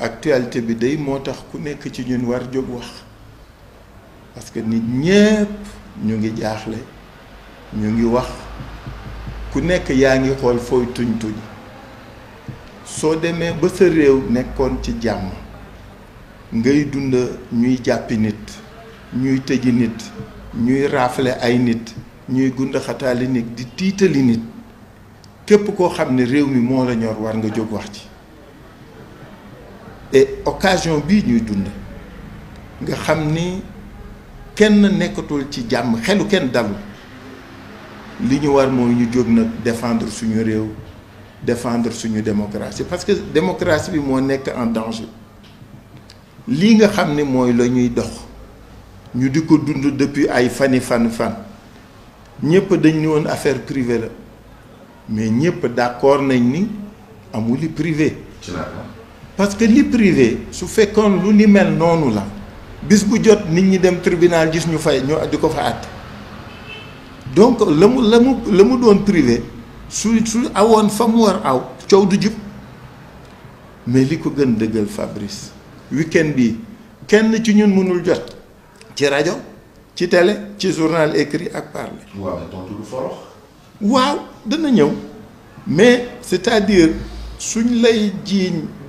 actualité bi day moo tax ku nekk ci ñun war jóg wax parce que nit ñépp ñu ngi jaaxle ñu ngi wax ku nekk yaa ngi xool fooy tuñ tuñ soo demee ba sa réew nekkoon ci jàmm ngay dund ñuy jàppi nit ñuy tëji nit ñuy raafle ay nit ñuy gund xataali nit di tiitali nit képp koo xam ne réew mi moo la ñor war nga jóg wax ci et occasion bi ñuy dund nga xamni kenn nekkatul ci jamm xelu kenn dalul li ñu war moy ñu jog nag défendre suñu réew défendre suñu démocratie parce que démocratie bi mo nekk en danger li nga xamni moy mooy la ñuy dox ñu diko dund depuis ay fani fan fan ñepp dañ ñu won affaire privée la mais ñepp d'accord nañ ni amouli privé parce que li privé su fait lu ni mel la bis bu jot nit ñi dem tribunal gis ñu fay ñu diko fa at donc don privé su war aw du mais li ko gën Fabrice weekend bi kenn ci ñun mënul jot ci ci télé journal écrit ak parlé. waaw forox. waaw mais c'est-à-dire suñ lay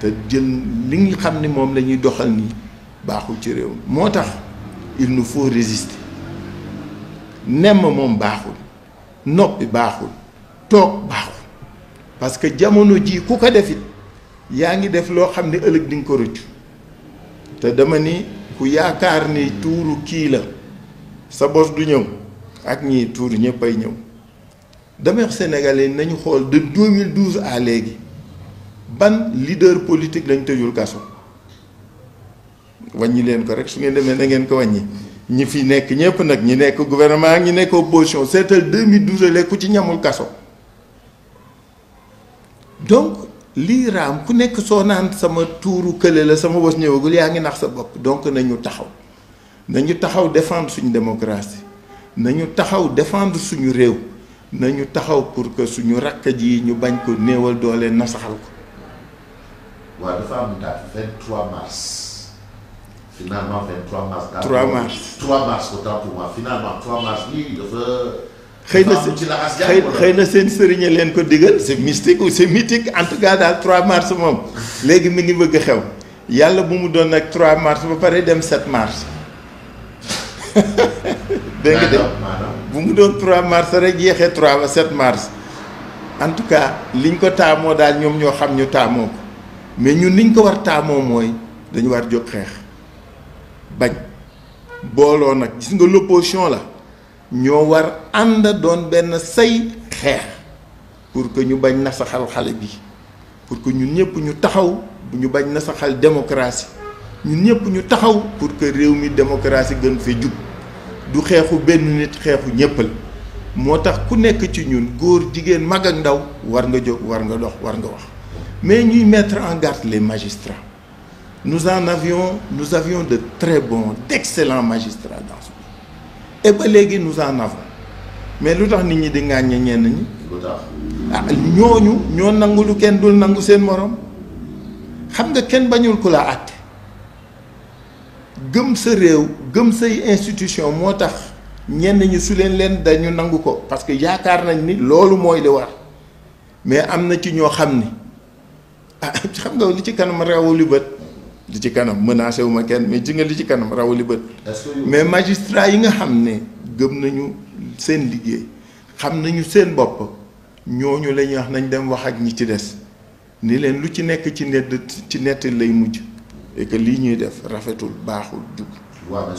te jël li nga xam ni moom lañuy doxal nii baaxul ci réew moo tax il nous faut résister nemm moom baaxul noppi baaxul toog baaxul parce que jamono ji ku ko defit yaa ngi def loo xam ne ëllëg dinga ko rëccu te dama ni ku yaakaar ni tuuru kii la sa bos du ñëw ak ñii tuuru ñëpp ay ñëw dama wax sénégalais nañu xool de 2012 à léegi ban leader politique lañ tëjul kaso wàññi leen ko rek su ngeen demee na ngeen ko wàññi ñi fi nekk ñëpp nag ñi nekk gouvernement ak ñi nekk opposition seetal 2012 ku ci ñamul kaso donc lii raam ku nekk soo naan sama tuuru kële la sama bos ñëwagul yaa ngi nax sa bopp donc nañu taxaw nañu taxaw défendre suñu démocratie nañu taxaw defendre suñu réew nañu taxaw pour que suñu rakk ji ñu bañ ko néewal doole nasaxal ko. waaw dafa am date 23 mars. finalement 23 mars. 3 mars 3 mars autant pour moi finalement 3 mars lii dafa. xëy ko digal c'est mystique ou c'est mythique en tout cas le 3 mars moom léegi mi ngi bëgg xew yàlla bu mu 3 mars ba pare dem 7 mars. dégg nga de bu 3 mars rek yeexee 3 7 mars en tout cas liñ ko taamoo daal ñoom ñoo xam ñu mais ñun niñ ko war taamoo mooy dañu war jóg xeex bañ booloo nag gis nga l'opposition la ñoo war ànd doon benn say xeex pour que ñu bañ nasaxal xale bi pour que ñun ñëpp ñu taxaw bu ñu bañ nasaxal démocratie ñun ñëpp ñu taxaw pour que réew mi démocratie gën fee jub du xeexu benn nit xeexu ñëpp moo tax ku nekk ci ñun góor jigéen mag ak ndaw war nga jóg war nga dox war nga wax Mais nous mettre en garde les magistrats. Nous en avions, nous avions de très bons, d'excellents magistrats dans ce pays. Et bien, nous en avons. Mais nous avons gens que nous avons dit nous avons gens qui nous avons dit que nous la institution moo Nous ñenn ñi su leen nous parce que yaakaar nañ ni lolu nous ont mais ah xam nga li ci kanam rawu li bët li ci kanam menacé wu ma kenn mais ji nga li ci kanam rawu li bët mais magistrat yi nga xam ne gëm nañu seen liggéey xam nañu seen bopp ñooñu la ñuy wax nañ dem wax ak ñi ci des ni leen lu ci nekk ci nedd ci netti lay mujj et que lii ñuy def rafetul baaxul jub waaw mais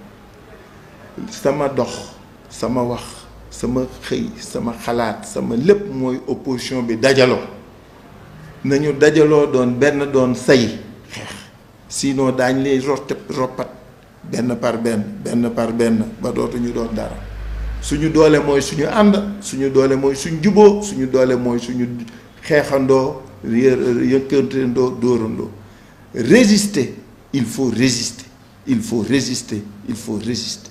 sama dox sama wax sama xey sama xalaat sama lepp moy opposition bi dajalo nañu dajalo don ben don say xeex sinon dañ lay rotte ropat ben par ben ben par ben ba dootuñu doon dara suñu doole moy suñu and suñu doole moy suñu jubo suñu doole moy suñu xexando yeukentendo dorundo résister il faut résister il faut résister il faut résister